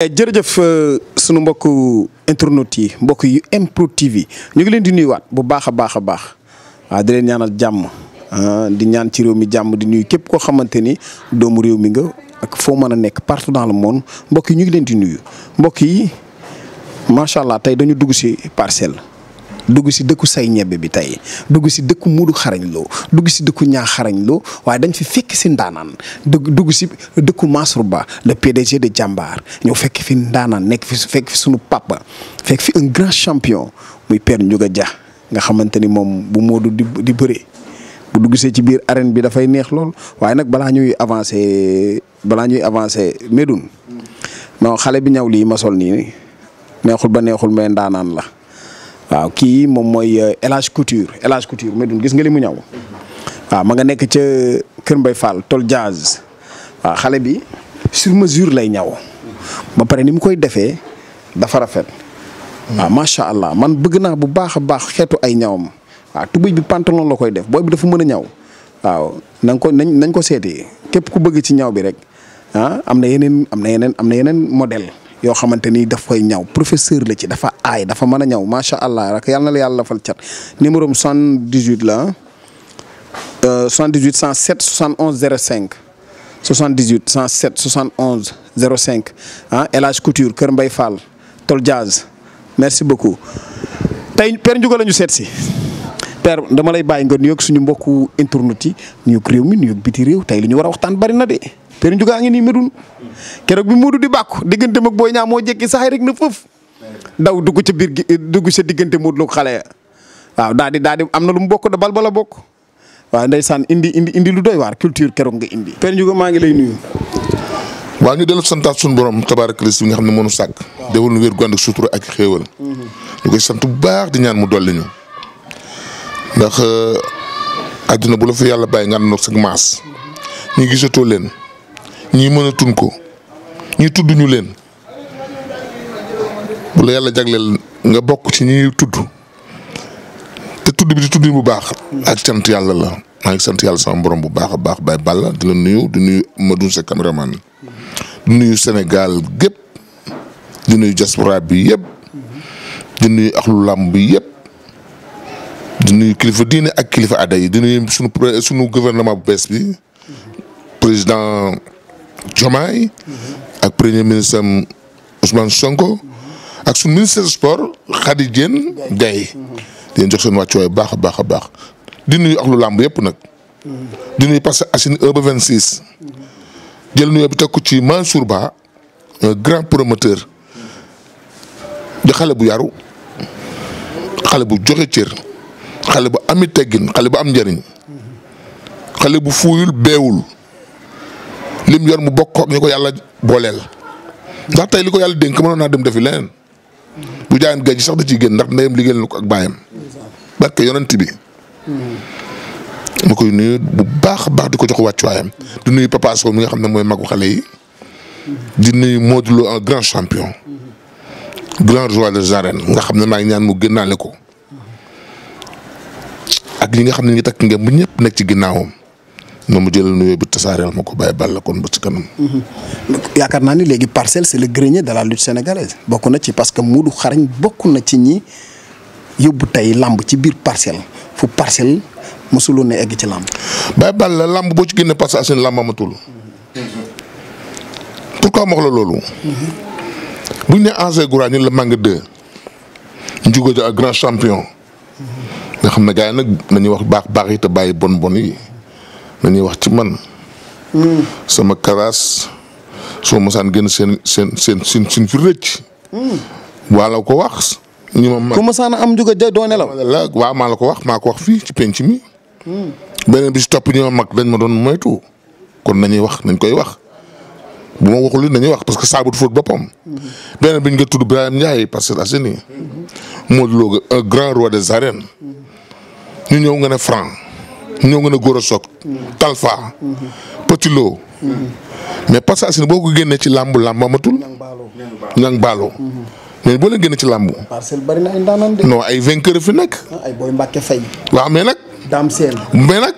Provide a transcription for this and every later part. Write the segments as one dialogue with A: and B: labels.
A: Eh, jërëjëf euh, sunu mbokk internautes yi mbokk yi MPROD TV ñu ngi leen di nuyuwaat bu baax a baax a baax waaw di leen ñaanal jàmm ah, di ñaan ci réew mi jàmm di nuyu képp koo xamante ni doomu réew mi nga ak foo mën a nekk partout dans le monde mbokk yi ñu ngi leen di nuyu mbokk yi macha allah tey dañu dugg si parcelle. dugg si dëkku say ñebe bi tey dugg si dëkku muudu xarañ loo dugg si dëkku ñaa xarañ loo waaye dañ fi fekk si ndaanaan dugg si dëkku Mansour Ba le PDG de jàmbaar ñëw fekk fi ndaanaan nekk fi fekk sunu papa fekk fi un grand champion muy Père Ndiouga Dia nga xamante ni moom bu Modou di di bu dugg see ci biir arène bi dafay neex lool waaye nag balaa ñuy avancer balaa ñuy avancer Médoune non xale bi ñaw lii ma sol nii neexul ba neexul mais ndaanaan la. waaw kii moom mooy euh, El Hadj Couture El Hadj Couture Médoune gis nga li mu ñaw waaw ma nga nekk ca euh, Kër Mbay Fall tol jazz waaw xale bi sur mesure lay ñaw ba pare ni mu koy defee dafa rafet waa macha allah man bëgg naa bu baax a baax xeetu ay ñawam waaw tubéy bi pantalon la koy def booy bi dafa mën a ñaw waaw na ko nañ nañ ko seeti képp ku bëgg ci ñaw bi rek ah am na yeneen am na yeneen am na yeneen modèle yoo xamante ni daf koy ñaw professeur la ci dafa aay dafa mën a ñaw macha allah rek yàlla na la yàlla fal cat numéro am 78 la ah 78 107 71 05 78 107 71 05 ah El Hadj Couture Kër Mbay Fall Tol Diaz merci beaucoup tey Père Ndiouga la ñu seet si. per dama lay bàyyi nga nuyoog suñu mbokku internet yi nuyoog réew mi nuyoog biti réew tey li ñu war a waxtaan bari na de. Serigne Juga ngi nii medun keroog bi Moodu di bàkku digganteem ak Boy Niang moo jekki saxay rek na foofu daw dugg ca biir eh, dugg sa diggante Moodu ak xale ya waaw daa di daa am na lu mu bokk da bal a bokk waaw ndeysaan indi indi indi lu doy waar culture keroog nga indi. Père Ndiouga maa ngi lay nuyu.
B: waaw ñu dellu santaat suñu borom tabaaraka bi nga xam ne mënu sàkk. waaw déwul nu wér gu ànd ak sutura ak xéewal. Mhm. ñu koy sant bu baax di ñaan mu dolli ñu. ndax euh, àdduna bu la fa yàlla bàyyi nga ànd ak maas. Mhm. ñu gisatoo leen. ñii mën a tun ko ñi tudd ñu leen bu la yàlla jagleel nga bokk ci ñi tudd te tudd bi di tudd bu baax ak sant yàlla la maa ngi sant yàlla sama borom bu baax a baax Baye Balla di la nuyu di nuyu Madou sa caméraman di nuyu Sénégal gépp di nuyu diaspora bi yëpp di nuyu axlu làmb bi yëpp di nuyu kilifa diine ak kilifa aada yi di nuyu sunu sunu gouvernement bu bees bi président Diomaye ak premier ministre am Sonko ak suñu ministre des sports Khady Diène Gaye di leen jox seen wàccuwaay baax a baax a baax di nuyu ak lu làmb yëpp nag. di nuyu parce que Asine heure ba vingt six jël nuyoo bi teg ko ci Mansour Ba un grand promoteur di xale bu yaru xale bu joxe cër xale bu am ami teggin xale bu am njëriñ xale bu fuuyul beewul. lim yor mu bokk ak ko yàlla booleel ndax li ko yàlla dénk mënoon naa dem defi leneen bu jaayoon géej sax da ciy génn ndax ndeyam liggéeyal lu ko ak baayam barke yonent bi. ma koy nuyu bu baax a baax di ko jox wàccuwaayam di nuy Papa Sow nga xam ne mooy magu xale yi di nuyu Modou Lo un grand champion grand joueur des arènes nga xam ne maa ngi ñaan mu gënnaale ko ak ñi nga xam ne ñu ngi takk ngeen bu ñëpp nekk ci ginnaawam. na mu jëlal nuyoo bi tasaareel ma ko bàyyi la kon ba ci kanam. Mm-hmm. yaakaar naa ni léegi parcelle c'est le grenier de
A: la lutte sénégalaise bokk na ci parce que Modou Xarañ bokk na ci ñi yóbbu tey làmb
B: ci biir parcelle fu parcelle mosuloon ne egg ci làmb. bàyyi balla làmb boo ci génnee parcelle seen mm-hmm. la loolu. Mm-hmm. bu ñu nee Angers Goura la Manga 2. Ndiouga Dia ak grand champion. nga xam ne gars yi nag nañuy wax baax baax yi te bàyyi bon bon yi. nañuy wax ci man. Hmm. sama karaas soo mosaan génn seen seen seen seen suñ fi rëcc. Hmm. ko wax. ñu ma ma ku am juga ja doone la. la waaw maa la ko wax maa ko wax fii ci penc mi. Hmm. beneen bi si topp ñu ma mag dañ ma doon moytu. kon nañuy wax nañ koy wax bu ma waxul li nañuy wax parce que saabu du fóot boppam. beneen bi ñu nga tudd Birahim parce que Assainies. Modou Lo un grand roi des arènes. ñu ñëw nga ne Franc. ñoo gën a góor a soog. Talfa. Petit Lo. mais parce que boo ko génnee ci làmbu làmb amatul. ñang baalo mais boo leen génnee ci làmbu
A: parcelle bari na ay ndaanaan de. fi nekk. Ah,
B: ay booy Mbàkke Fay. waaw mais nag. Dame Sène. mais nag.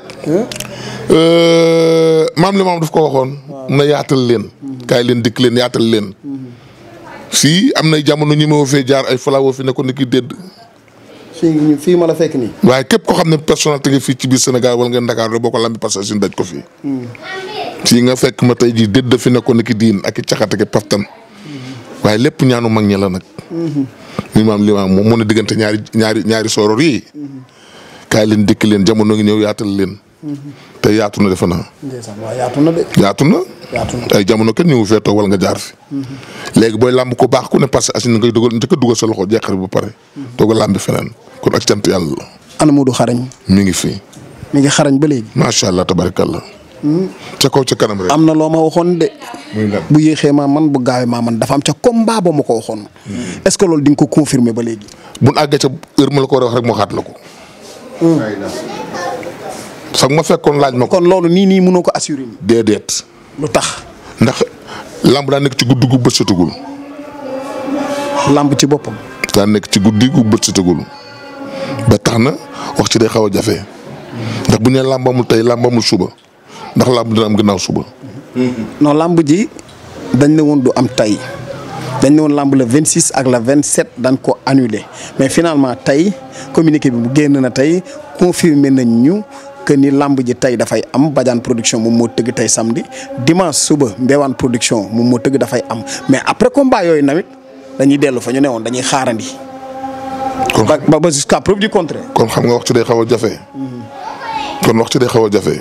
B: Euh, maam li maam daf ko waxoon. na yaatal leen. Mhm. kaay leen dikk leen yaatal leen. Mhm. si am na jamono ñi ma fee jaar ay falaawo fi nekkoon ni ki fii ma la fekk waaye képp koo xam ne personnalité nga fii ci biir Sénégal wala nga Dakar rek boo ko lambi passé si daj ko fii. fii nga fekk ma tey jii dédd fi nekkoon ak i diin ak i caxat ak i paftan waaye lépp ñaanu mag ñi la nag. ni maam li maam mu ne diggante ñaari ñaari ñaari sooror yi. kaay leen dikk leen jamono ngi ñëw yaatal leen. te yaatu na defe naa.
A: yaatu na de. yaatu na.
B: ay jamono kenn ñëwu fee toog wala nga jaar fi. léegi booy làmb ko baax ku ne parce que as na ngay dugal njëkk a dugal sa loxo jeexal ba pare. Mm-hmm. doog a làmbi feneen. kon ak cant yàlla la. ana Modou xarañ. mi ngi fi. mi ngi xarañ ba léegi. macha allah tabarakallah hmm? ca kaw ca kanam rek.
A: am na loo ma waxoon de. bu yéexee maa man bu gaawee maa man dafa am ca
B: mbaa ba ma ko waxoon. Hmm. est-ce que loolu di nga ko confirmer ba léegi. bu nu àggee ca heure ma la ko war a wax rek moo xaat la ko. Hmm. sax ma fekkoon laaj ma ko. kon loolu nii nii mënoo ko assurer. déedéet. lu tax. ndax lamb daa nekk ci guddi gu bët setagul. lamb ci boppam. daa nekk ci guddi gu bët setagul. tax na wax ci day xaw a jafe ndax bu ñu nee làmb amul tey làmb suba ndax làmb dina am gannaaw suba. non lamb ji dañ ne woon du am tey
A: dañ ne woon làmb le 26 ak la le 27 dañ ko annulé mais finalement tey communiqué bi mu génn na tey confirmé nañ ñu. que ni lamb ji tey dafay am Badiane production moom moo tëgg tey samedi dimanche suba Mbewaan production moom moo tëgg dafay am mais après combat yooyu nawet dañuy dellu fa ñu ne woon dañuy xaarandi. kon ba ba jusqu'à preuve du contraire.
B: kon xam nga wax ci day xaw a jafe. kon wax ci de xaw a jafe.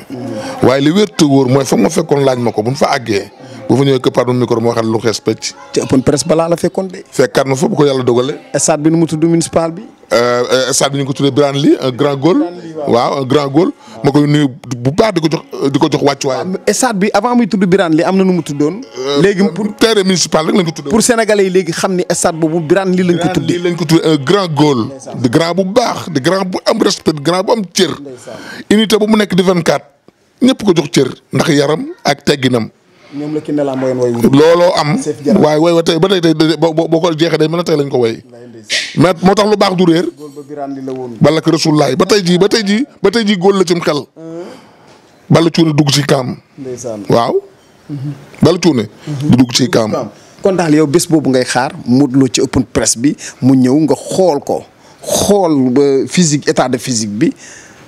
B: waaye li wér te wóor mooy foog ma fekkoon laaj ma ko bu ñu fa àggee. bu fa ñëwee këppaat mu micro moo xam lu xees pecc. te ëppoon presse balaa a fekkoon de. fekkaat ma fa bu ko yàlla dogalee. stade bi nu mu tudd municipal bi. Euh, euh, stade bi ñu ko tuddee Birane Ly un grand goal. waaw un grand goal. ma koy nuyu bu baax di ko jox di ko jox wàccuwaayam. stade bi avant muy tudd Birane Ly am na nu mu tuddoon. Euh, léegi pour terrain municipal rek lañ ko tuddee. pour yi léegi xam ni stade boobu Birane Ly lañ ko tuddee. Birane Ly lañ ko tuddee un grand goal. di grand bu baax di grand bu am respect di grand bu am cër. unité mu nekk di 24 ñëpp ko jox cër ndax yaram ak tegginam.
A: ñoom la Kiné Lam mooy looloo am waaye
B: woy wa tey ba tey tey boo ko jeexee day mën a tey lañ ko woy mais moo tax lu baax du réer bala ko rasulaay ba tey jii ba tey jii ba tey jii góol la cim xel bala cuune dugg ci kaam waaw bala cuune dugg ci kaam kon daal yow bés boobu
A: ngay xaar Modou Lo ci open press bi mu ñëw nga xool ko xool ba physique état de physique bi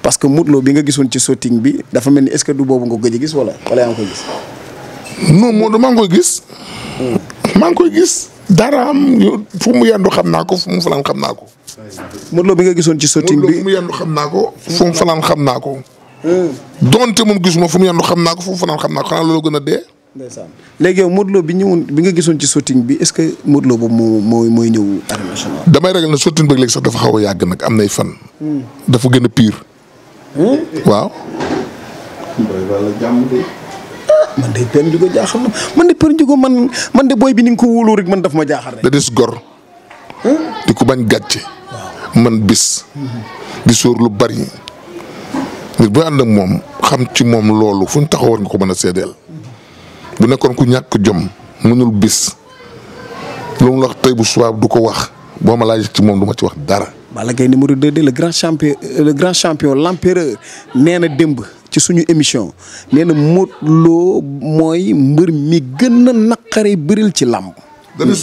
A: parce que Modou Lo bi nga gisoon ci shooting bi dafa mel ni est-ce que du boobu nga gëj a gis wala
B: wala yaa ngi gis non Modou maa ngi koy gis. maa ngi koy gis daraam fu mu yendu xam naa ko fu mu fanaan xam naa ko. Modou Lo bi nga gisoon ci shooting bi mu xam naa ko fu fanaan xam naa ko. donte moom gisuma fu mu yendu xam naa ko foofu mu fanaan xam naa ko xanaa loolu gën a dee. ndeysaan léegi yow Modou bi ñëwoon bi nga gisoon ci shooting bi est-ce que Modou Lo boobu moo moo mooy ñëw damay ragal na shooting bi léegi sax dafa xaw a yàgg nag am nay fan. Hmm. dafa gën a pire. Hmm? waaw. man de Père Ndiougo man
A: de Père Ndiougo man man de booy bi ni nga ko wóoloo rek man daf ma
B: jaaxal rek. da dis gor. di ko bañ gàcce. man bis. di sóor lu bari. nit bu ànd moom xam ci moom loolu fu ñu taxawoon nga ko mën a seedeel. bu nekkoon ku ñàkk jom mënul bis. lu mu wax tey bu subaab du ko wax boo ma laaj ci moom du ma ci wax dara. Balla Gaye numéro 2 de le grand
A: champion euh, le grand champion l'empereur nee na démb ci suñu émission nee na Modou mooy mbër mi gën a naqare bëril ci làmb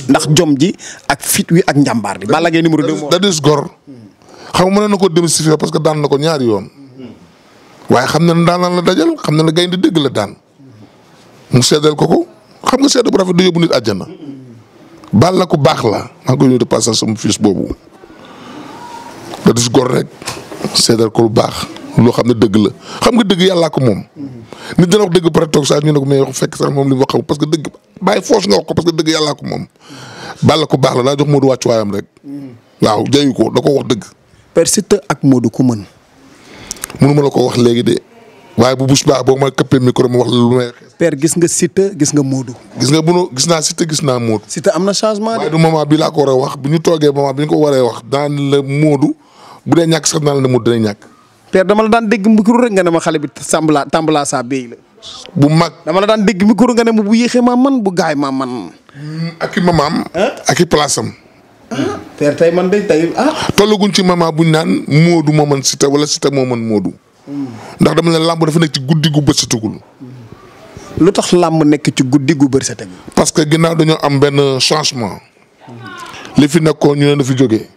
A: ndax
B: jom ji ak fit wi ak njàmbaar bi Balla la numéro 2 da dis gor xam nga na ko dem si fi parce que daan na ko ñaari yoon waaye xam na ne daan la dajal xam na ne gaynde dëgg la daan ko xam nga sedd bu rafet du yóbbu ku baax la maa ngi koy boobu te dus gor rek seedal ko lu baax loo xam ne dëgg la xam nga dëgg yàllaa ko moom. Mm-hmm. nit dina wax dëgg pare toog saa ñu ne ko mais wax fekk sax moom li mu wax parce que dëgg bàyyi force nga wax ko parce que dëgg yàllaa ko moom. Mm-hmm. bàlla ko baax la daa jox Modou wàccuwaayam rek. Mm-hmm. waaw jayu ko da ko wax dëgg. Père Siteu ak Modou ku mën. mënu ma la ko wax léegi de waaye bu bus boo ma këppee micro ma wax gis nga Siteu gis nga Modou. gis gis naa Siteu gis naa Modou. Siteu am na changement de. waaye laa ko war a wax bi ñu toogee moment bi ko waree wax daan la moodu bu dee ñàkk sax naa la ne mu dina ñàkk. père dama la daan dégg micro rek nga ne ma xale bi Tamba Tamba la. bu mag dama la daan dégg micro nga ne ma bu yéexee maa man bu gaay maa man. Hmm, ak i mamaam. ak i place hmm. tey man de tey ah. tollaguñ ci mama buñ naan Moodu moo man Siteu wala Siteu moo man Moodu. Hmm. ndax dama ne lambu dafa nekk ci guddi gu bësatugul. lu tax làmb nekk ci guddi gu bër bësatugul. parce que ginnaaw dañoo am benn changement. li fi nekkoon ñu ne dafa jógee.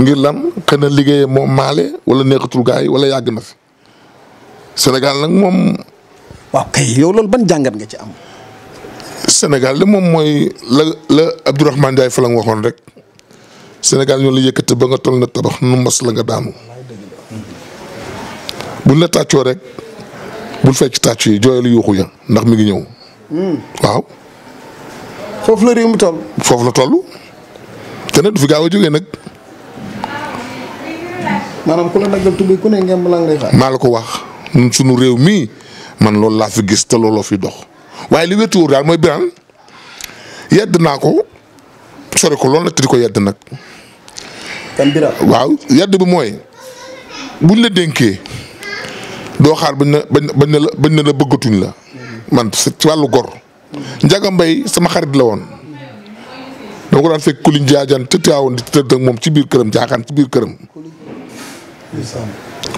B: ngir lan xëy na moom maale wala neexatul gars yi wala yàgg na fi senegal nag moom. waaw kay jàngat nga ci am. Sénégal moom mooy la la Abdourahmane Ndiaye fa la waxoon rek senegal ñoo la yëkkati ba nga toll na tabax nu mas la nga daanu. buñ la tàccoo rek bul fecc tàcc yi jooyal yuuxu ya ndax mi ngi ñëw. Hmm. waaw.
A: foofu la réew mi toll.
B: foofu la toll te nag du fi gaaw a jógee nag.
A: maanaam ku la maa
B: la ko wax ñun suñu réew mii man loolu laa fi gis te looloo fi dox waaye li wetu daal mooy Birane yedd naa ko sore ko loolu nag te ko yedd nag. kan waaw yedd bi mooy bu ne dénkee doo xaar bañ na bañ na la bañ na la bëggatuñ la. man ci wàllu gor. Ndiaga Mbaye sama xarit la woon. dama ko daan fekk Koulibaly Diadiane te teewaawoon di tëdd moom ci biir këram jaaxaan ci biir këram.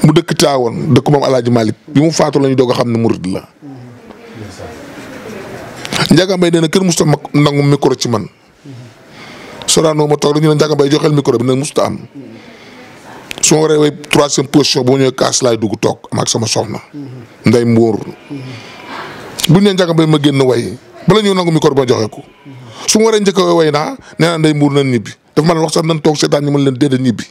B: mu dëkk Tiwaawan dëkk moom Alaaji Malick bi mu faatu la ñu doog a xam ne murid la. Ndiaga Mbaye kër musta mag nangu micro ci man. Sorano ma toog rek ñu ne Ndiaga Mbaye joxeel micro bi ne musta am. su ma waree way troisième position bu ma ñëwee kaas laay dugg toog am ak sama soxna. nday mbuur bu ñu nee ma génn way bala ñëw nangu micro ba joxe ko. su ma waree njëkk a way naa nee naa nday Mbour nañ ñibbi daf ma leen wax sax nañ toog seetaan ñu mën leen déedéet ñibbi.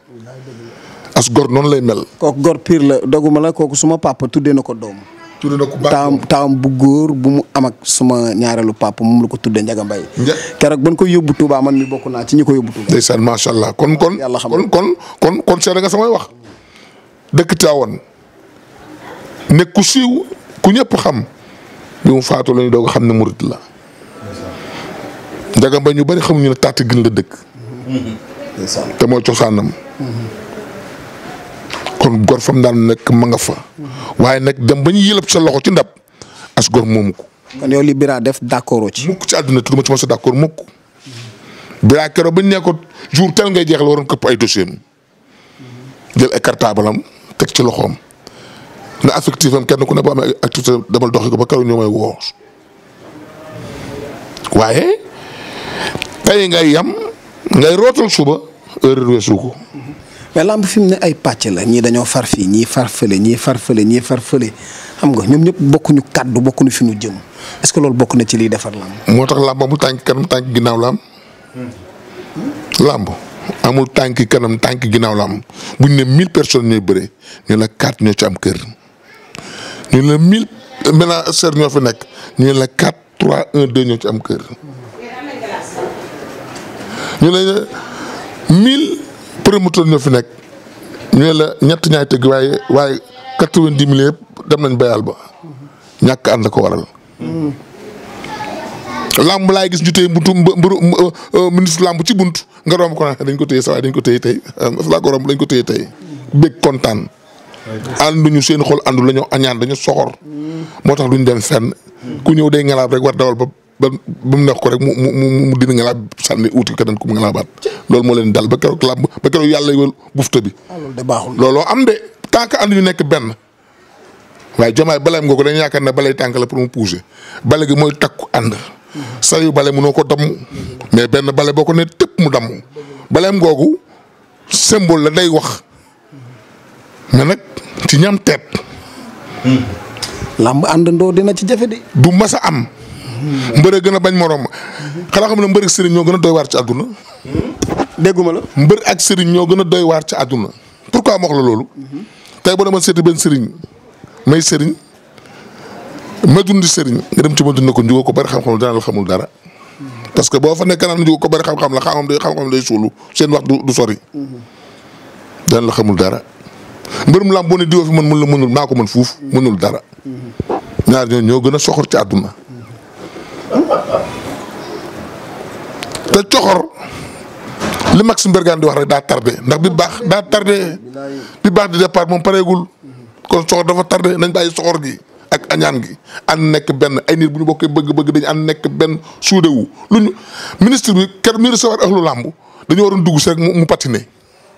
B: gor noonu lay mel. kooku gor pire la doguma la kooku suma papa tuddee na ko doom. tuddee na ko baax
A: taam bu góor bu mu am ak ñaareelu papa moom la ko tuddee Ndiaga Mbaye. një keroog ba
B: yóbbu Touba man mi bokk naa ci ñi ko yóbbu Touba. ndeysaan macha allah kon kon kon kon kon kon seere nga samay wax dëkk Tivaouane ne ku siiw ku ñëpp xam bi mu faatu la ñu xam ne murit la. Ndiaga ñu bari xamuñu ne tàtt gën la dëkk. te mooy cosaanam. Mhm. kon gor fam daan nekk ma nga fa. waaye nag dem ba ñu yëlëb sa loxo ci ndab as gor moomu ko. kon yow li def d' accord ci. mukk ci àdduna tudd ma ci mos a mukk. Bira ba ñu nekkoon jour ngay jeexal waroon këpp ay dossier jël ay teg ci loxoom. na affectif am kenn ku ne boo amee activité demal doxi ba keroog ñoo may woo. waaye tey ngay yam ngay rootal suba heure weesu ko.
A: mais làmb fi mu ne ay pàcc la ñii dañoo far fii ñii far fële ñii far fële xam nga ñoom ñëpp bokkuñu
B: kàddu bokkuñu fi ñu jëm est-ce loolu bokk na ci liy defar làmb. moo tax làmb amul tànk kanam tànk ginnaaw làmb. Hmm. làmb amul tànk kanam tànk ginnaaw làmb buñ ne mille personnes ñooy bëre ñu la quatre ñoo ci am kër ñu la mille maintenant ñoo nekk ñu la quatre trois un deux ci am kër mille. promoteur ñoo fi nekk ñu ne la ñett ñaay tëgg waaye waaye quatre-vingt-dix mille yëpp dem nañ bayal ba ñàkk ànd ko waral. làmb laay gis ñu téye buntu mbëru euh, ministre làmb ci bunt nga romb ko dañ ko téye sa waay dañ ko téye tey laa ko romb dañ ko téye tey bég kontaan. ñu seen xol àndu lañu añaan dañu soxor. moo tax duñ dem fenn. ku ñëw day ngelaab rek war dawal ba ba ba mu neex ko rek mu mu mu dina nga laa sànni uuti keneen ku mu nga laa loolu moo leen dal ba keroog làmb yàlla yoo bufta bi. Ah, loolu de looloo am de tant que ànd yu nekk benn. waaye jomaay baleem nga ko yaakaar ne balay tànk la pour mu pousser bale gi mooy takku ànd. sa yu bale mënoo ko damm. mais benn bale boo ko ne tëpp mu damm. baleem googu symbole la day wax. mais ci ñam teet. Hmm. làmb àndandoo dina ci jafe de. du mas a am. mbër gën a bañ morom xanaa xam ne mbër ak sëriñ ñoo gën a doy waar ci àdduna. dégguma la. mbër ak sëriñ ñoo gën a doy waar ci àdduna pourquoi ma wax la loolu. tey boo demoon seeti benn sëriñ may sëriñ ma dund sëriñ nga dem ci ma dund ko njugoo ko bari xam-xam la xamul dara. parce que boo fa nekk naan ko bari xam-xam la xam-xam day xam-xam day suulu seen wax du sori. dana la xamul dara. mbërum làmb boo ne diwoo fi mën mën la mënul maa ko mën fuuf mënul dara. ñaar ñoo ñoo gën a soxor ci àdduna. te coxor li Max Mbergane di wax rek daa tardé ndax bi baax daa tardé bi baax di départ moom pareegul kon soxor dafa tardé nañ bàyyi soxor gi ak añaan gi ànd nekk benn ay niir bu ñu bokkee bëgg-bëgg dañu ànd nekk benn suudewu luñu ministre bi mu ker mi recevoir lu làmb dañu waroon dugg si rek mu patiné.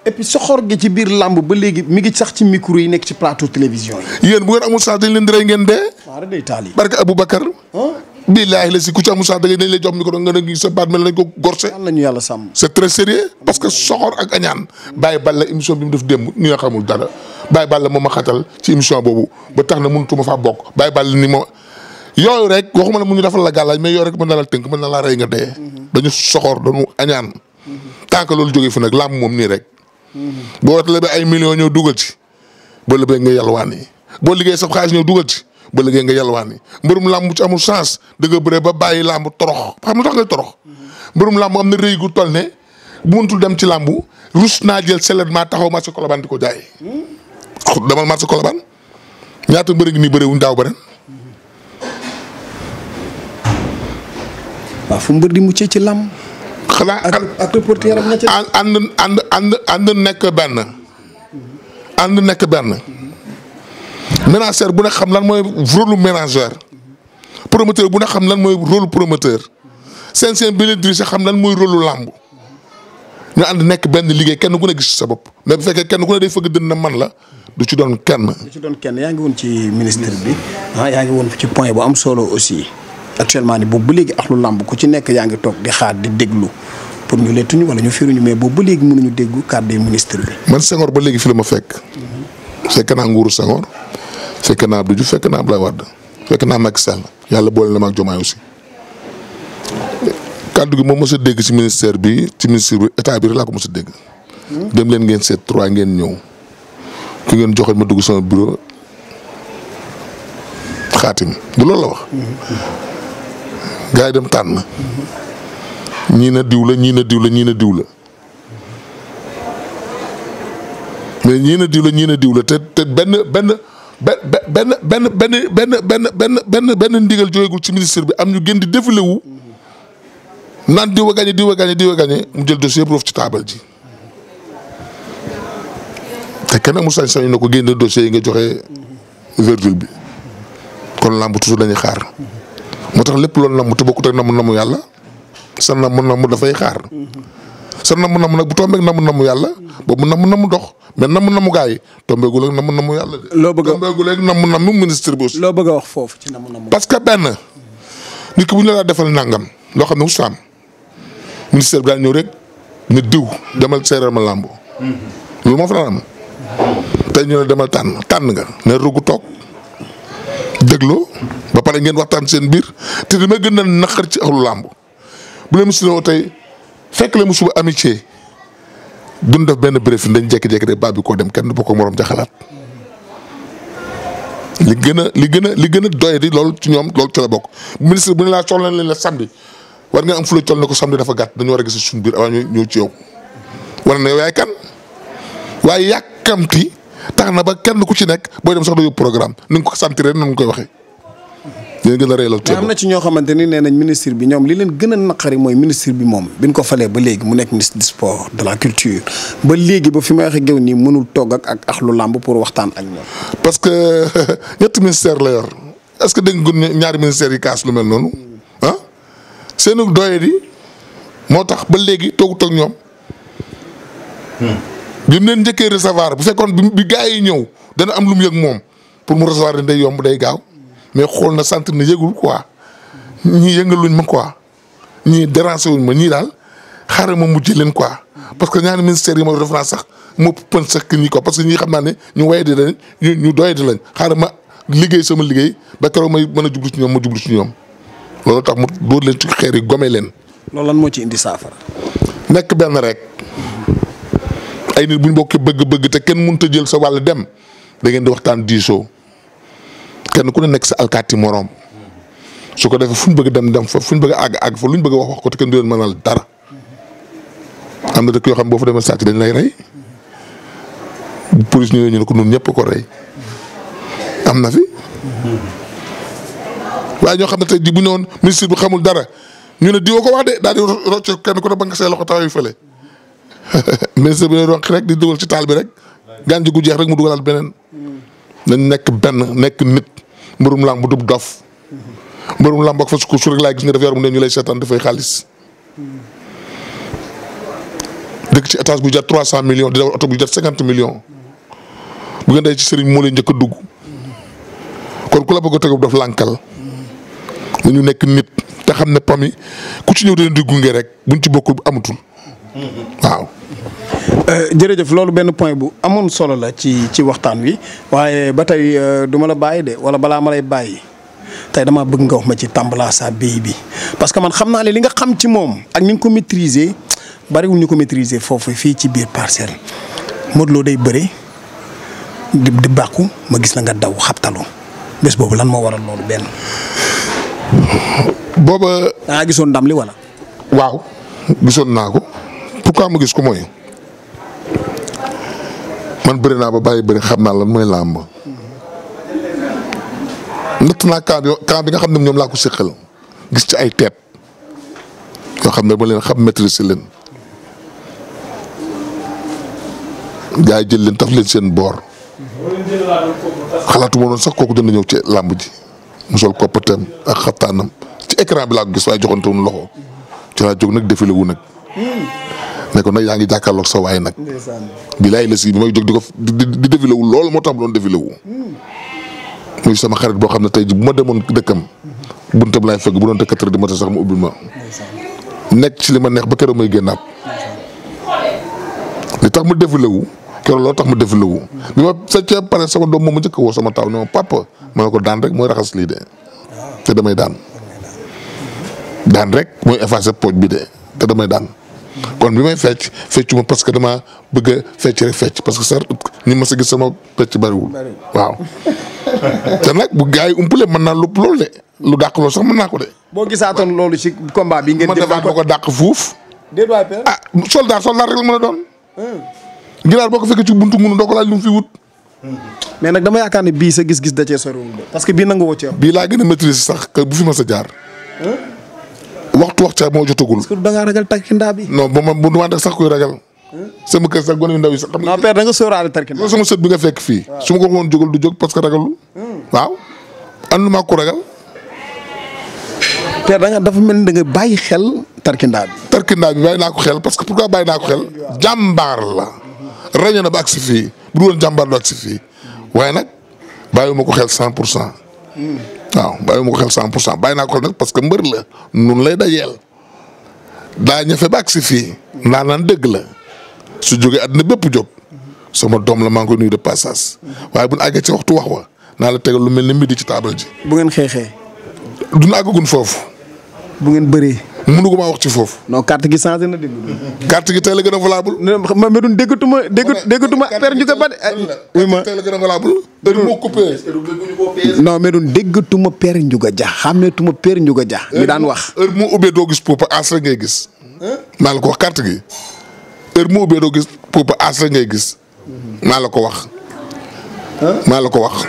B: et soxor gi ci biir làmb ba léegi mi ngi sax ci micro yi nekk ci plateau télévision yi. yéen bu ngeen amul chance dañ leen di ngeen dee. waaw rek day taal yi barke billaahi la si ku ci amul sax da ngay lay jox micro nga ne sa baat mel nañ ko gorse. yàlla ñu yàlla parce que soxor ak añaan. Baye Balla émission bi mu def démb ñu nga xamul dara Baye Balla moo ma xatal ci émission boobu ba tax na mënutuma faa bokk Baye Balla ni ma yooyu rek waxuma la mu ñu defal la gàllaaj mais yooyu rek mën na la tënk mën na la rey nga dee. dañu soxor dañu añaan. tant que loolu jógee fi nag làmb moom nii rek. boo wattalee ba ay millions ñëw dugal ci boo lëbee nga yalwaani boo liggéey sa xaalis ñëw dugal ci ba liggéey nga yalwaani mbërum làmb mu ci amul chance dëgg bëree ba bàyyi làmb torox xam nga tax ngay torox mbërum làmb am na rëy gu ne bu mëntul dem ci làmb rus naa jël seulement taxaw marché Colobane di ko jaay. demal marché Colobane ñaata mbëri ngi nii bëree wuñ daaw ba ren. waaw fu mbër di muccee ci làmb. xanaa ak ak reporter am nekk benn. ànd nekk benn. ménagère bu ne xam lan mooy rôle ménagère promoteur bu ne xam lan mooy rôle promoteur seen seen bi leen dirigé xam lan mooy rôle làmb ñu ànd nekk benn liggéey kenn ku ne gis sa bopp mais bu fekkee kenn ku ne day fëgg dënn na man la du ci doon kenn. du ci doon kenn yaa ngi woon ci ministre bi ah yaa ngi woon ci
A: point bu am solo aussi actuellement ni boobu ba léegi axlu làmb ku ci nekk yaa ngi toog di xaar di déglu pour ñu lettuñu wala ñu firuñu mais boobu ba léegi ñu déggu kàddu ministre bi.
B: man Senghor ba léegi fi la ma fekk. Mm-hmm. fekk naa nguuru Senghor fekk naa du Diouf fekk naa Abdoulaye Wade fekk naa Macky Sall yàlla boole na ma ak Diomaye aussi. kàddu gi moom mos dégg ci ministère bi ci ministère bi état bi rek laa ko mos dégg. dem leen ngeen seet trois ngeen ñëw ki ngeen joxe ma dugg sama bureau xaatim du loolu la wax. gars yi dem tànn. ñii na diw la ñii na diw la ñii na diw la. mais ñii na diw la ñii na diw la te benn benn benn benn benn benn benn benn benn benn ndigal jógegul ci ministère bi am ñu gën di défilé wu naan diw a gagné diw mu jël dossier bu roof ci taabal ji te kenn amul sañ-sañu na ko génn dossier yi nga joxe verdure bi kon làmb toujours dañuy xaar moo tax lépp loolu namm te bokkut ak namu namu yàlla sa namu namu dafay xaar sa namu namu nag bu tombéeg namu namu yàlla boobu namu namu dox mais namu namu gars yi tombeegu léegi namu namu yàlla de. loo bëgg a tombeegu léegi namu namu ministre bi aussi. loo wax foofu ci namu namu. parce que benn nit bu ñu la defal nangam loo xam ne ustaam ministère bi daal ñëw rek ne diw demal seeral ma làmb. Mhm. loolu moo fa am tey ñëw ne demal tànn tànn nga ne rugu toog dégloo ba pare ngeen waxtaan seen biir te li may gën a naqar ci axlu làmb bu leen si ne tey fekk leen mu suba amitié. duñ def benn béréb dañ jékki-jékki rek baab bi koo dem kenn du bokk ak morom xalaat li gën a li gën a li gën a doy di loolu ci ñoom loolu ci la bokk ministre bu ne laa soxla leen la samedi war nga am fu la col ne ko samedi dafa gàtt dañu war a gis suñu biir avant ñu ñëw ci yow. war na yow yaay kan waaye yàkkamti tax na ba kenn ku ci nekk booy dem soxla yóbbu programme ni nga ko sentir rek noonu koy waxee. dina gën a réelal am na
A: ci ñoo xamante ni nee nañ ministre bi ñoom li leen gën a naqari mooy ministre bi moom bi ñu ko falee ba léegi mu nekk ministre du sport de la culture ba léegi ba fi may waxee géew nii mënul togg ak ak
B: axlu làmb pour waxtaan ak ñoom. parce que ñetti ministère la yor est-ce que dégg nga ñaari ministères yi kaas lu mel noonu ah seenu doye di moo tax ba léegi toogut ak ñoom. Hmm. bi mu leen njëkkee recevoir bu fekkoon bi gaa yi ñëw dana am lu mu yëg moom pour mu recevoir yomb day gaaw. mais xool na sant na yëgul quoi ñii yëngaluñ ma quoi ñii déranger wuñ ma ñii daal xaaral ma mujj leen quoi. parce que ñaari ministère yi ma def naa sax moo pën sax ñi quoi parce que ñii xam naa ne ñu way di lañ ñu ñu doy di lañ xaaral ma liggéey sama liggéey ba keroog may mën a jublu ci ñoom ma jublu ci ñoom loolu tax mu dóor leen ci xeer yi gome leen. loolu lan moo ci indi saafara. nekk benn rek ay nit bu ñu bokkee bëgg-bëgg te kenn mënut a jël sa wàll dem da ngeen di waxtaan diisoo. kenn ku ne nekk sa alkaati moroom su ko defee fu ñu bëgg dem dem fa fu ñu bëgg àgg àgg fa lu ñu bëgg wax wax ko te kenn du leen mënal dara am na dëkk yoo xam boo fa demee sàcc dañ lay rey police ñu ñu ne ko ñun ñëpp ko rey am na fi. waaye ñoo xam ne tey jii bu ñu woon bu xamul dara ñu ne diwoo ko wax de daal di kenn ku ne ba see loxo taw yu fële ministre bi lay roq rek di dugal ci taal bi rek. gàncax gu jeex rek mu dugalaat beneen. nañ nekk benn nekk nit. mbërum làmb bu dub dof mbërum làmb ak fa sukk su rek laay gis nga def yaram ne ñu lay seetaan dafay xaalis dëkk ci étage bu jat trois cent millions di dawal oto bu jar cinquante million bu ngeen day ci sëriñ moo leen njëkk a dugg kon ku la bëgg a tëgg daf lànkal dañu nekk nit te xam ne pami ku ci ñëw dina di gunge rek buñ ci bokkul amatul. waaw. Euh, jërëjëf loolu benn point bu amoon solo la
A: ci ci waxtaan wi waaye ba tey euh, du ma la bàyyi de wala balaa ma lay bàyyi tey dama bëgg nga wax ma ci Tambala sa béy bi parce que man xam naa ne li nga xam ci moom ak ni nga ko maîtriser bariwul ko maîtriser foofu fii ci biir parcelle Modou day bëre di bàqu ma gis la nga daw xabtalu bés boobu lan moo waral loolu benn.
B: booba. da ngaa gisoon ndam li wala. waaw gisoon naa ko. pourquoi ma gis ko mooy man bëri naa ba bàyyi bëri xam naa lan mooy làmb natt naa camp bi camp bi nga xam ne ñoom laa ko séqal gis ci ay teet yoo xam ne ba leen xam maîtriser leen gars yi jël leen taf leen seen boor xalaatu ma noonu sax kooku dina ñëw ci làmb ji mu sol koppatam ak xaftaanam ci écran bi laa ko gis waaye joxante wuñ loxo ci laa nag défilé wu nag.
A: ne
B: ko yaa ngi jàkkaarloog sa waay nag. bilaay la si bi may jóg ko di défilé lool moo tax mu wu. muy sama xarit boo xam ne tey ji bu ma demoon dëkkam. buntam laay fekk bu doon te quatre heures du matin sax mu ubbil ma. nekk ci li ma neex ba keroog may génnaat. li tax ma défilé wu keroog loolu tax ma défilé wu. bi ma sàccee pare sama doom moom mu njëkk woo sama taaw ne ma papa ma ne ko daan rek mooy raxas lii de. te damay daan. daan rek mooy effacer pooj bi de te may daan. kon bi may fecc feccuma parce que damaa bëgg a fecc rek fecc parce que sax ñu ma sa gis sama fecc bariwul waaw te nag bu gars yi umpale mën naa lépp loolu de lu dàq loolu sax ma naa ko de. boo gisaatoon loolu ci combat bi. ngeen defaat ko ko dàq fuuf. déet waay père ah soldat soldat rek la mën a doon. Hmm. ginaar boo ko fekkee ci buntu ngunu doo ko laaj lu mu fi wut. Hmm. mais nag dama yaakaar ne bii sa gis-gis da cee soriwul parce que bii nangu woo ci bii laa gën a maîtriser sax que bu fi ma sa jaar. Hmm? waxtu wax ca moo jotagul. est-ce que da ngaa ragal tarkindaa bi. non bu ma bu ma sax kuy ragal. Hmm? sama kër sax gone yu ndaw yi sax. xam nga fekk fii. su ma ko waxoon jógal du jóg parce que ragalul. Hmm. waaw ànduma ko ragal. père da nga dafa mel ni da bàyyi xel tarkindaa bi. tarkindaa bi bàyyi naa ko xel parce que pourquoi bàyyi naa ko xel. Hmm. jàmbaar la. ràññee na ba si fii bu dul woon jàmbaar du agsi fii waaye nag ma ko xel cent pour cent. waaw bàyyi ma ko xel cent pour cent bàyyi naa ko xel nag parce que mbër la nun lay dajeel daa ñafe ba ak si fii naa naan dëgg la su jógee àddina bépp jóg sama doom la maa ngi koy nuyu de passage waaye bu ñu àggee ci waxtu wax wa naa la tegal lu mel ni midi ci taabal ji. bu ngeen xeexee.
A: du ñu àggagun foofu. bu ngeen bëree. mënu ko maa wax ci foofu. no carte gi changé na dégg
B: carte gi tey gën a valable. ma ma doon déggatuma déggatuma affaire ba. oui ma tey la gën a valable. moo coupé.
A: non mais doon déggatuma Père Ndiouga
B: Dia xàmmeetuma Père Ndiouga Dia. mi daan wax heure mu ubbee doo gis Popa as rek ngay gis. maa ko wax carte gi heure gis Popa as rek ngay la ko wax. maa la ko wax.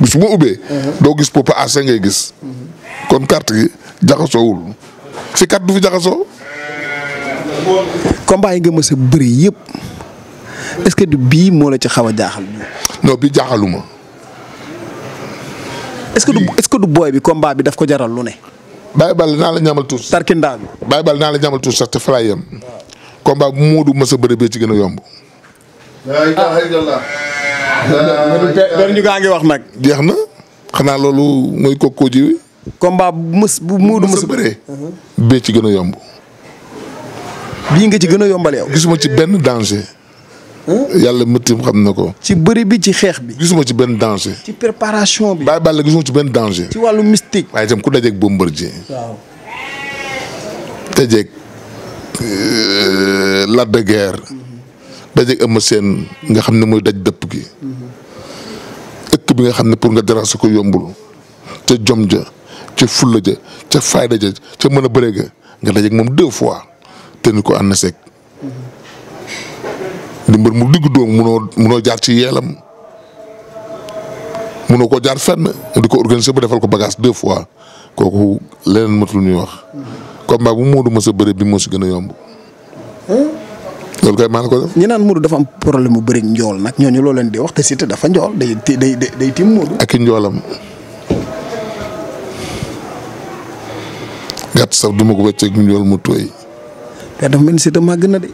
B: bis mu ubbee. doo gis Popa as rek ngay gis. Mhm. kon carte gi jaxasoowul si kat du fi jaxasoo. combat yi nga mës a bëri yëpp est-ce que du bii moo la ci xaw a jaaxal. bi jaaxaluma. est-ce que du est-ce du booy bi combat bi daf ko jaral lu ne. Baye Bal naa la ñamal tuus. tarkindaa bi. Baye Bal naa la ñamal tuus sax te fa laay yem. bu Moodu mës a bee ci gën a yomb. Ah. ñu gaa ngi wax nag. jeex na xanaa loolu mooy kokkoo ji. combat bu mës bu muudu mës bëree uh-huh. bee ci gën a yomb bii nga ci gën a yombal yow gisuma ci benn danger yàlla mëttim xam na ko ci bëri bi ci xeex bi gisuma ci benn danger ci préparation bi bàyyi ci benn danger ci wàllu mystique waaye itam ku dajeeg Bombardier waaw dajeeg euh, Lac de Guiers mm-hmm. dajeeg Eumeu Sène nga xam ne mooy daj dëpp gi mm-hmm. ëkk bi nga xam ne pour nga dérasé ko yombul te jom ja ca fulla ja ca fayda ja ca mën a bëre ga nga dajeeg moom deux fois te ni ko ànd seeg di mbër mu digg doom munoo munoo jaar ci yeelam munoo ko jaar fenn di ko organiser ba defal ko bagage deux fois kooku leneen matul ñuy wax. combat mu Modou mës a bëre bi moo si gën a yomb. loolu kay maa la ko def. ñi naan Modou dafa am problème mu bëri njool nag ñooñu
A: loo leen di wax te Siteu dafa njool day day day tim Modou.
B: ak i njoolam. gàtt sax du ma ko wàcceeg njool mu tooy. te dafa mel ni Siteu màgg na de.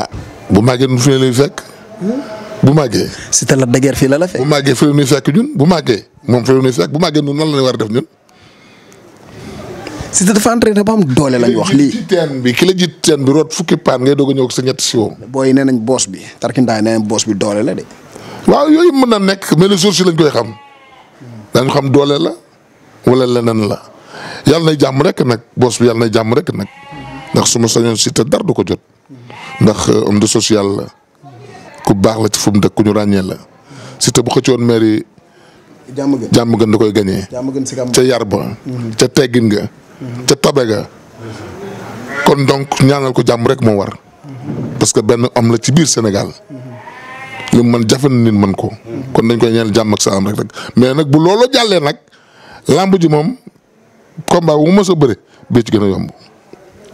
B: ah bu màggee nu fi lay fekk. Hmm? bu màggee. si la dëgër fii la la fekk. bu màggee fii la fekk ñun bu màggee moom fii la fekk bu màggee ñun nan la war a def ñun.
A: Siteu dafa entraîné ba am
B: doole lañ wax lii. ci bi ki la jiit teen bi root fukki paan ngay doog a ñëw ak sa ñetti siwo. booy yi nee nañ boos bi tarkindaay nee nañ boos bi doole la de. waaw yooyu mën na nekk mais les jours si lañ koy xam. dañ xam doole la wala leneen la. yàlla nay jàmm rek nag boos bi yàlla nay jàmm rek nag ndax su ma sañoon Siteu dara du ko jot ndax euh, homme du social la ku baax la ci fu mu dëkk ku ñu ràññee la Siteu bu xëccoon maire yi.
A: jàmm gën jàmm gën da koy gañee. ca yar ba. Mhm. ca
B: teggin nga. Mhm. ca tabe ga. kon donc ñaanal ko jàmm rek moo war. Mhm. parce que benn homme la ci biir Sénégal. li mu mën jafe na nit mën ko. kon dañ koy ñaan jàmm ak salaam rek mais nag bu looloo jàllee nag lamb moom combat bu ma sa bëre bee ci gën a yomb.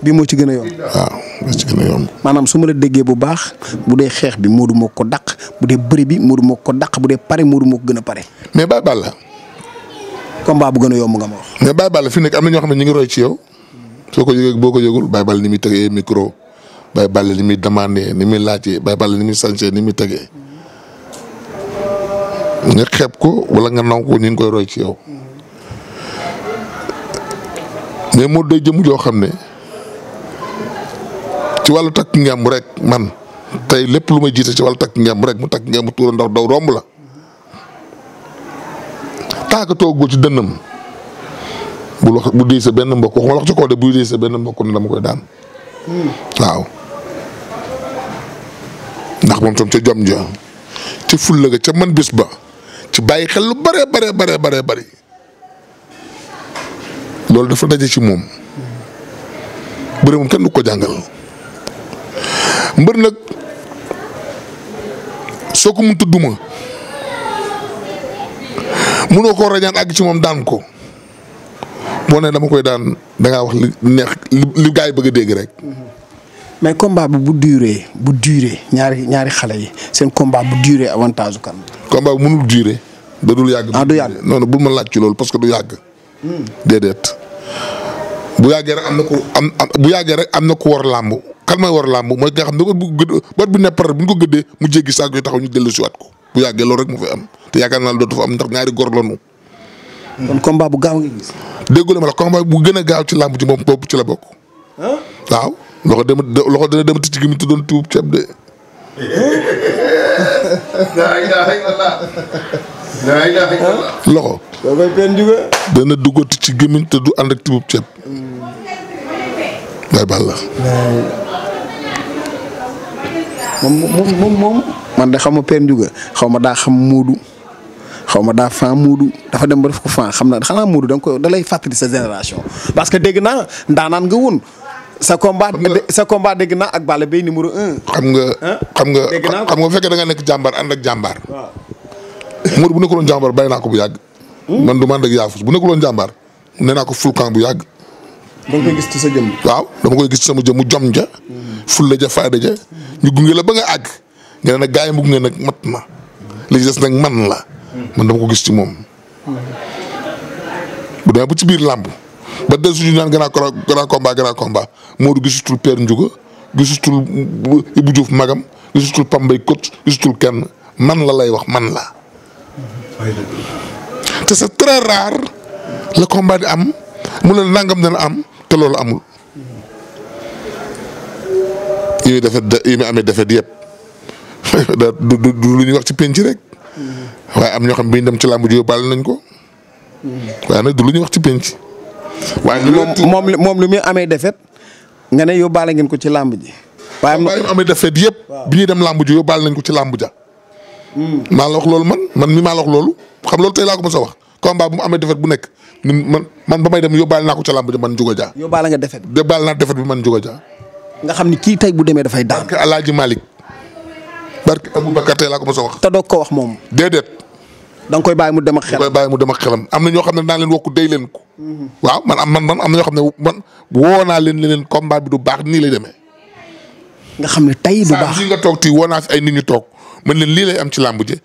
B: bi moo ci gën a yomb.
A: waaw maanaam su ma la déggee bu baax bu dee xeex bi Modou moo ko daq bu dee bëri bi
B: Modou moo ko daq bu dee pare Modou moo ko gën a pare. mais Baye Balla. combat bu gën a yomb nga ma wax. mais Baye Balla fi nekk am na ñoo xam ne ñu ngi roy ci yow. soo ko yëgee boo ko yëgul Baye Balla ni muy tegee micro Baye Balla ni muy demandé ni muy laajte Baye Balla ni muy sañse ni muy tegee. nga xeeb ko wala nga naw ko ñu ngi koy roy ci yow. mais Modou day jëm joo xam ne ci wàllu takk ngemb rek man tey lépp lu may jiite ci wàllu takk ngemb rek mu takk ngemb tuura ndaw daw romb la taakatoo gu ci dënnam bu wax bu dee sa benn mbokk waxuma ci kaw benn mbokk ne dama koy daan waaw ndax moom tam ca jom ja ca fulla ga ca man bis ba ci bàyyi xel lu bare bare bare bare bari loolu dafa daje ci moom bëre moom kenn du ko jàngal mbër nag soo ko mu tudd ma mënoo koo rañaan àgg ci moom daan ko boo ne dama koy daan dangaa wax li neex li gaa yi bëgg a dégg rek.
A: mais combat bi bu duré bu duré ñaari ñaari xale yi seen combat bu duré avantage
B: kan. combat bi mënul duré. da dul yàgg. ah du yàgg non non ma laaj ci loolu parce que du yàgg. Hmm. déedéet. bu yàggee rek am na ku am bu yàggee rek am na ku war làmb kan mooy war làmb mooy nga xam ne bët bu gëdd bët bu neppar bu ñu ko gëddee mu jéggi saako yi taxaw ñu dellu siwaat ko bu yàggee loolu rek mu fay am te yaakaar naa dootu fa am ndax ñaari góor lañu
A: kon combat bu gaaw nga
B: gis. déggu ma la combat bu gën a gaaw ci làmb ci moom boobu ci la bokk. waaw loxo dem loxo dana dem ci gi mu tuddoon tuub ceeb de.
A: la ilaha
B: loxo. da koy peen juga. dana duggati ci gémmiñ te du ànd ak tibub ceeb. Baye Balla. moom man de xaw ma peen juga
A: xaw ma daa xam muudu xaw ma daa fan muudu dafa dem ba def ko fan xam na xanaa muudu da koy da lay fàttali sa génération parce que dégg na ndaanaan nga woon. sa komba sa
B: combat dégg naa ak Balla Gaye numéro xam nga xam nga xam nga bu fekkee da nga nekk jàmbaar ànd jàmbaar. Modou bu nekkuloon jàmbaar bàyyi naa ko bu yàgg. man du man rek yaafus bu nekkuloon jàmbaar nee naa ko fulkan bu yàgg. da nga sa jëmm. waaw dama koy gis ci sama jëmm jom ja. Mm-hmm. ful la ja faada ja ñu gunge la ba nga àgg. nga ne nag gars yi mu gunge nag mat ma li des nag man la. Mm-hmm. man dama ko gis ci moom. Mm-hmm. bu demee ba ci biir làmb ba des ñu naan grand grand combat grand combat Modou gisutul Père Ndiouga gisutul Ibou Diouf magam gisutul Pambay Kot gisutul kenn man la lay wax man la. te c'est très rare le combat di am mu ne nangam dana am te loolu amul. yi muy defet yi muy amee defet yëpp du du lu ñuy wax ci penc rek waaye am ñoo xam bi ñu dem ci làmb ji yóbbaale nañ ko waaye nag du lu ñuy wax ci penc. waaye moom moom lu muy amee defet nga ne yóbbaale ngeen ko ci làmb ji. waaye am amee defet yëpp. bi ñuy dem lambuj ji baal nañ ko ci làmb ja. maa la wax loolu man man mi maa wax loolu xam loolu tey laa ko mos a wax combat bu mu amee defet bu nekk man man ba may dem yóbbaale naa ko ca làmb ji man Ndiouga Dia. yóbbaale nga defet bi yóbbaale naa defet bi man Ndiouga Dia. nga xam ni kii tey bu demee dafay daan. barke El Hadj Malick barke Aboubacar tey laa ko mos a wax. te doog ko wax moom. déedéet. da koy bàyyi mu dem ak xelam mu dem ak xelam am na ñoo xam ne naa leen wokk dey leen ko. waaw man am man man am na ñoo xam ne man woo naa leen ne leen combat bi du baax nii lay demee. nga xam ne tey du baax saa nga toog ti woo naa fi ay nit ñu toog man leen lii lay am ci làmb ji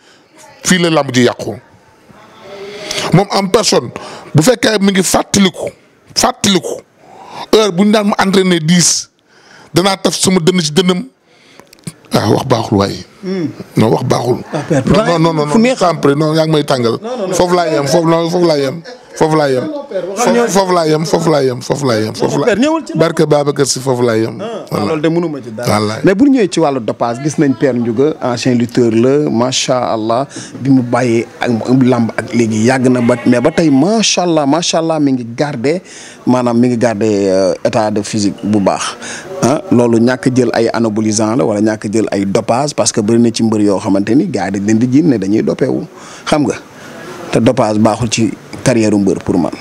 B: fii la làmb ji yàqu moom am personne bu fekkee mi ngi fàttaliku fàttaliku heure bu ñu daan mu entraîné dix danaa taf sama dënn ci dënnam ah wax baaxul waaye. Hmm. non wax baaxul. Ah, non non non non non yaa ngi may tàngal. foofu laa yem foofu laa yem. foofu laa yem foofu laa yem foofu laa yem foofu laa yem foofu laa barke Babacar si foofu laa yem ah, ah, voilà loolu
A: de mënuma ci dara mais bu ñu ñëwee ci wàllu dopage gis nañ Père Ndiouga ancien lutteur la macha allah bi mu bàyyee ak làmb ak léegi yàgg na ba mais ba tey macha allah macha allah mi ngi garder maanaam mi ngi garder euh, état de physique bu baax ah loolu ñàkk jël ay anabolisant la wala ñàkk jël ay dopage parce que bëri na ci mbër yoo xamante ni gars yi dañ leen di jiin ne dañuy dopewu xam nga te dopage baaxul ci carrière mbër pour man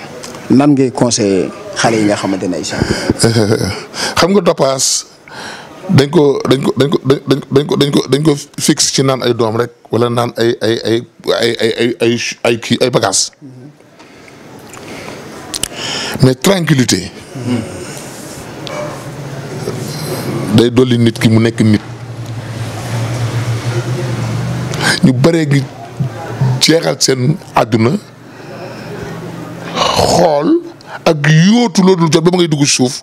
A: nan ngay conseil xale yi nga xamante ne ay
B: xam nga dopage dañ ko dañ ko dañ ko dañ ko dañ ko dañ ko fixe ci naan ay doom rek wala naan ay ay ay ay kii ay bagages mais tranquillité day dolli nit ki mu nekk nit ñu bare gi jeexal seen àdduna xool ak yóotu loolu jot ba ma ngay dugg suuf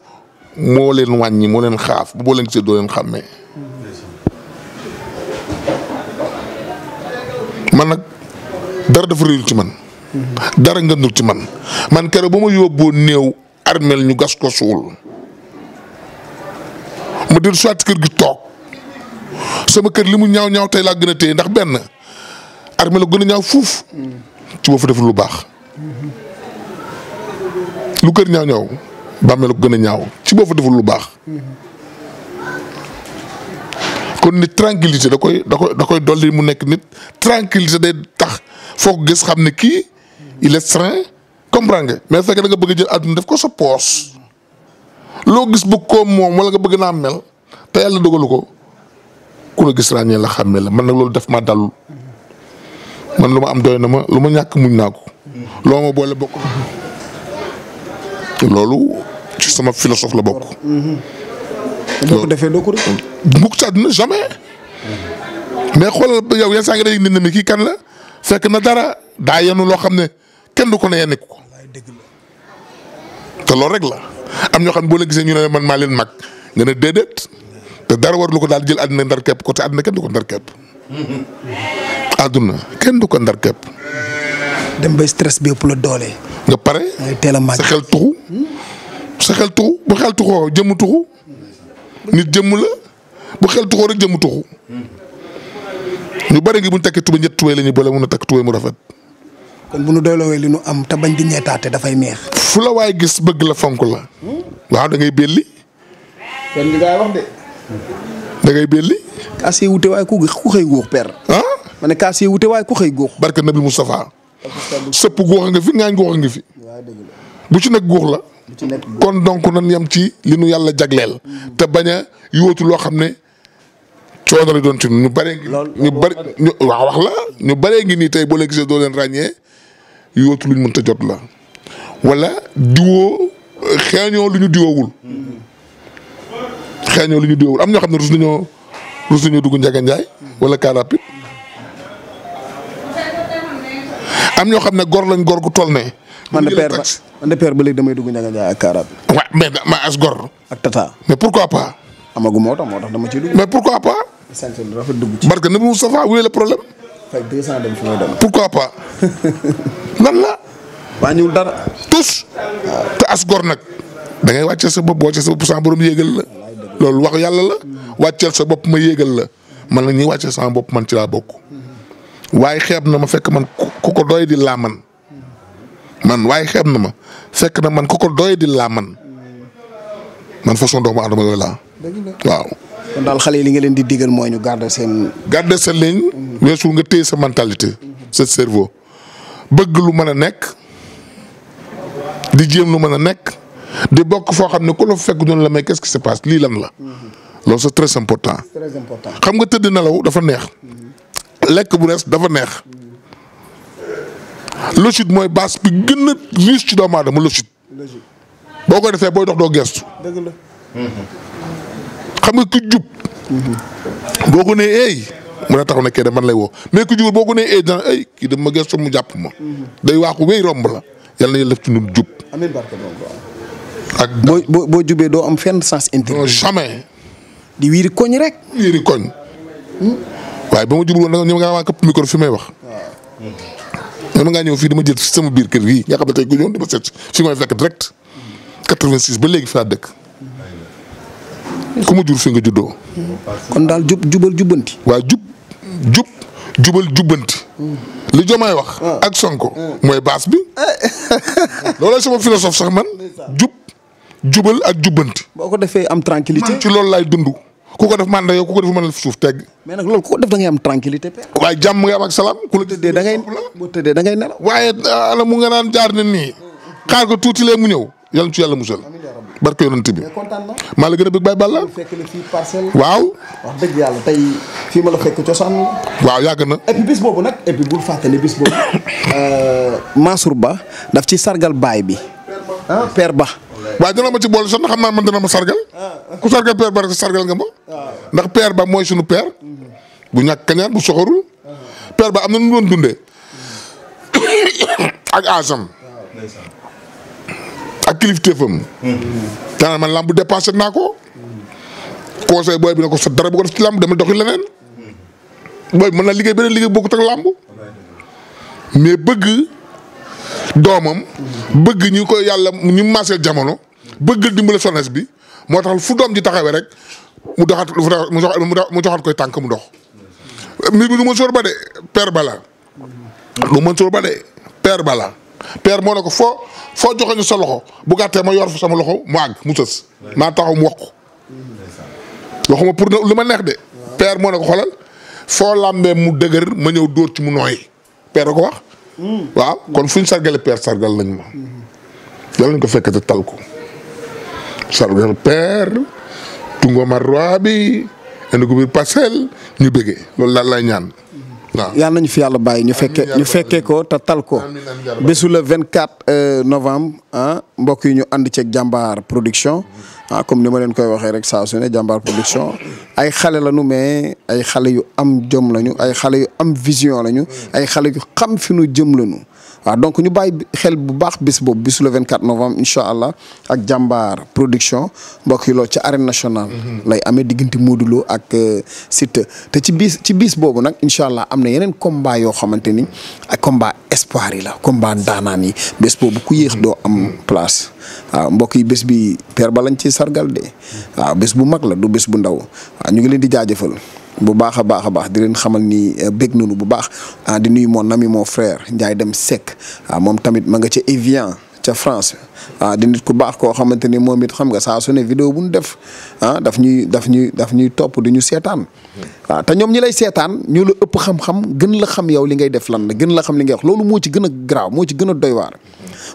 B: moo leen wàññi moo leen xaaf bu boo leen gisee doo leen xàmmee. man nag dara dafa réyul ci man. dara ngëndul ci man man keroog ba ma yóbboo néew armel ñu gas ko suul ma dellu soit kër gi toog sama kër li mu ñaaw ñaaw tey laa gën a téye ndax benn armel la gën a ñaaw fuuf ci boo fa def lu baax. lu kër ñaaw ñaaw bàmmeel ko gën a ñaaw ci boo fa deful lu baax. kon nit tranquillité da koy da koy da koy dolli mu nekk nit tranquillité day tax foo gis xam ne kii il est serein comprendre nga mais fekk da bëgg a jël àdduna def ko sa poos loo gis bëgg ko moom wala nga bëgg naa mel te yàlla dogalu ko ku la gis ràññee la xàmmee la man nag loolu def ma dalul man lu ma am doy na ma lu ma ñàkk muñ naa ko loo ma boole bokk loolu ci sama philosophe la bokk. doo ko defee doo ko mukk ci àdduna jamais. mais xoolal yow yenn saa ngi day nit na mi kii kan la fekk na dara daa yenu loo xam ne kenn du ko ne yenn ko. te loolu rek la am ñoo xam ne boo la gisee ñu ne man maa leen mag nga ne déedéet te dara war lu ko daal jël àdduna ndar képp ko te àdduna kenn du ko ndar képp. kenn du ko ndar képp. dem bay stress bi yëpp la doole. nga pare teel a sa xel tuxu sa xel tuxu bu xel tuxoo jëmm tuxu nit jëmm la bu xel tuxoo rek jëmm tuxu ñu bari ngi bu ñu takk tubéy mu rafet.
A: kon bu nu doyloowee li nu am te bañ di ñeetaate dafay meex
B: fu la waaye gis bëgg la fonk la. waaw da ngay belli.
A: ngay wax de.
B: da ngay belli. kaas yi wute waaye ku xëy góox per. ah kaas yi wute waaye ku xëy góox. barke Nabi Moustapha. sëpp góor nga fi ngaañ góor nga fi. bu ci nekk góor la. kon donc na yam ci li nu yàlla jagleel. te bañ a yóotu loo xam ne coono la doon ci ñu bëree. ñu ñu waaw wax la ñu bëree ngi nii tey boo leen gisee doo leen ràññee yóotu luñ mënta jot la wala diwoo xeeñoo lu ñu diwoowul. xeeñoo lu ñu diwoowul am na ñoo xam ne rus nañoo rus nañoo dugg Ndiaga Ndiaye wala car rapide. am ñoo xam ne gor lañ gor gu toll ne. man de père ba man de
A: père ba léegi damay dugg ñaga ñaay ak kaaraat.
B: waaw mais ma as gor.
A: ak mais pourquoi pas. amagu moo tax moo tax dama ciy dugg. mais pourquoi dugg ci. parce que Nabi Moustapha wulee le problème. dem fi may dem.
B: pourquoi pas. lan la. wàññiwul dara. tous. te as gor nag. dangay ngay wàcceel sa bopp wàcceel sa bopp sans borom yéegal la. loolu wax yàlla la. Mm. wàcceel sa bopp ma yéegal la. man na ñuy wàcceel sama bopp man ci laa bokk. waaye xeeb na ma fekk man ku ko doy di laa man man waaye xeeb na ma fekk na man ku ko doy di laa man man façon doomu aadama yooyu laa. waaw.
A: daal xale yi li nga leen di diggan mooy ñu garder seen. garder sen ligne.
B: Mm-hmm. weesu nga téye sa mentalité. Mm-hmm. sa servo bëgg lu mën a nekk di jéem lu mën a nekk di bokk foo xam ne ku la fekk doon la may qu'est-ce qui se passe lii lan la. Mm-hmm. loolu c'est très important. important xam nga tëdd nelaw dafa neex. lekk bu rees dafa neex logique mooy base bi gën a riche doomu aadama logique boo ko defee booy dox doo gestu dëgg la xam nga ku jub mhm. boo ko nee eey mën a taxaw ne kee de lay woo mais ku jubul boo ko nee eey dana ay kii dama ma gestu mu jàpp ma mhm. day waaxu wéy romb la yàlla na yàlla def ci ñun jub ak boo boo jubee doo am fenn sens intérêt. jamais. di wiiri koñ rek. wiiri koñ. Hmm? waaye ba ma jublu woon nag ñoom nga xam këpp micro may wax. waaw man ngaa ñëw fii dama jël sama biir kër gi nga xam ne tey ku ñëw dama seet fi may fekk direct. 86 ba léegi fi dëkk. ku ma jur fi nga juddoo. kon daal jub jubal jubbanti. waaw jub jub jubal jubbanti. wax. Ah. ak Sonko. Ah. mooy baas bi. Eh. looloo sama philosophe sax man. jub jubal ak jubbanti. boo ko defee am tranquillité man ci loolu laay dund. ku ko def man yow ku ko def mën a suuf tegg. mais nag loolu ku ko def da ngay am waaye jàmm nga am ak salaam. ku la da ngay boo tëddee nelaw. waaye ah, ala mu nga naan jaar na nii. xaar ko tuuti lee mu ñëw yàlla ci yàlla musal. barke yonent bi maa la gën a bëgg Baye Balla.
A: fekk la fii waaw. wax dëgg yàlla tey fii ma la cosaan
B: waaw yàgg na. et bis boobu
A: nag et puis bul bis boobu. Euh, Mansour Ba daf ci sargal baay bi.
B: ah Ba. waa dina ma ci boole sax na xam naa man dina ma sargal ah. ku sargal père ba rek sargal nga ma ah. ndax père ba mooy suñu père mm-hmm. bu ñàkk kañaan bu soxorul ah. père ba am na nu doon dundee
A: mm-hmm.
B: ak aasam ak kilifteefam mm-hmm. danaa ma lamb dépassé naa ko conseil booy bi ne ko sa dara bu ko def ci lamb demal doxi leneen booy bi mën naa liggéey beneen liggéey bokkut ak lamb mais bëgg doomam bëgg ñu ko yàlla ñu maaseel jamono bëgg dimbali sones bi moo tax fu doom ji taxawee rek mu doxat mu doxat koy tànk mu dox mbir mi lu mën sóor ba de père balaa lu mën sóor ba de père bala père moo ne ko foo foo joxe ñu sa loxo bu gàttee ma yor fa sama loxo mu àgg mu sës maa taxaw mu wax waxuma pour lu ma neex de père moo ne ko xolal foo làmbee mu dëgër ma ñëw dóor ci mu nooy père ko wax waaw kon fu ñu sargale père sargal lañ ma yàlla ñu ko fekk te tal ko sargal père tungo mar roi bi indi ko biir parcelle ñu bëggee loolu daal lay ñaan yàlla nañu fi
A: yàlla bàyyi ñu fekke ñu fekkee ko te tal ko bésu le 24 euh, novembre ah mbokk yi ñu ànd ceeg jàmbaar production ah comme ni ma leen koy waxee rek saa su jàmbaar production ay xale lañu mais ay xale yu am jom lañu ay xale yu am vision lañu ay xale yu xam fi nu jëm lañu waaw donc ñu bàyyi xel bu baax bis boobu bisu le 24 novembre incha allah ak jambaar production mbokk yi loolu ci arène nationale. Mhm. lay amee diggante Modou Lo ak euh, Siteu te ci bis ci bis boobu nag incha allah am na yeneen combat yoo xamante ni ak combat espoir yi la combat daanaan yi bés boobu ku yéex mhm. doo am mhm. place waaw mbokk yi bés bi père ba lañ ci sargal de waaw bés bu mag la du bés bu ndaw waaw ñu ngi leen di jaajëfal. bu baax a baax a baax di leen xamal ni euh, bég lu bu baax ah di nuyu mon ami mon frère Ndiaye Dem Seck ah moom tamit ma nga ca Evian ca France ah di nit ku baax koo xamante ni moom it xam nga saa su ne vidéo bu ñu def ah daf ñuy daf ñuy daf ñuy topp di ñu seetaan. waaw hmm. ah, te ñoom ñi lay seetaan ñu la ëpp xam-xam gën la xam yow li ngay def lan la gën la xam li ngay wax loolu moo ci gën a graaw moo ci gën a doy waar.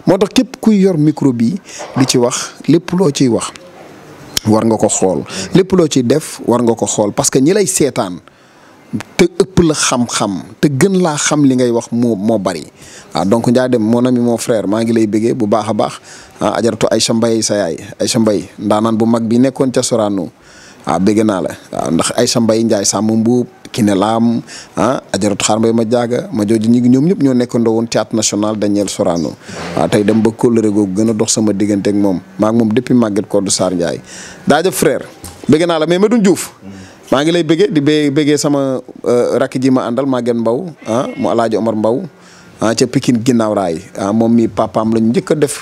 A: moo tax képp kuy yor micro bi di ci wax lépp loo ciy wax. war nga ko xool lépp loo ci def war nga ko xool parce que ñi lay seetaan te ëpp la xam-xam te gën laa xam li ngay wax moo moo bari ah, donc njaa dem mon ami moo frère maa ngi lay béggee bu baax a baax ah ay sa Mbaye sa yaay ay Aïcha Mbaye ndaanaan bu mag bi nekkoon ca Sorano waaw ah, bëgg naa la waaw ay sa Mbaye Ndiaye sàmm mbuub Kiné Lam ah Ajaratu Xaar Mbay ma jaaga ma jooju ñi ngi ñoom ñëpp ñoo nekkandoo woon théâtre national Daniel Sorano waaw ah, tey dama ba kóllëre googu gën a dox sama diggante ak moom maa ngi moom depuis Maguette Codou Sarr Ndiaye daaja frère bëgg naa la mais Medoune juuf maa ngi lay bëggee di bé bëggee sama euh, rakk ji ma àndal Maguette Mbaw ah mu Alaaji Omar Mbaw ah ca Pikine ginnaaw raay ah moom mii papaam la njëkk a def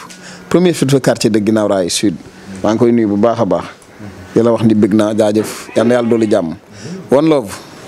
A: premier chef de quartier de ginnaaw raay sud maa ngi koy nuyu bu baax a baax di wax ni bëgg naa jaajëf yàlla dolli jàmm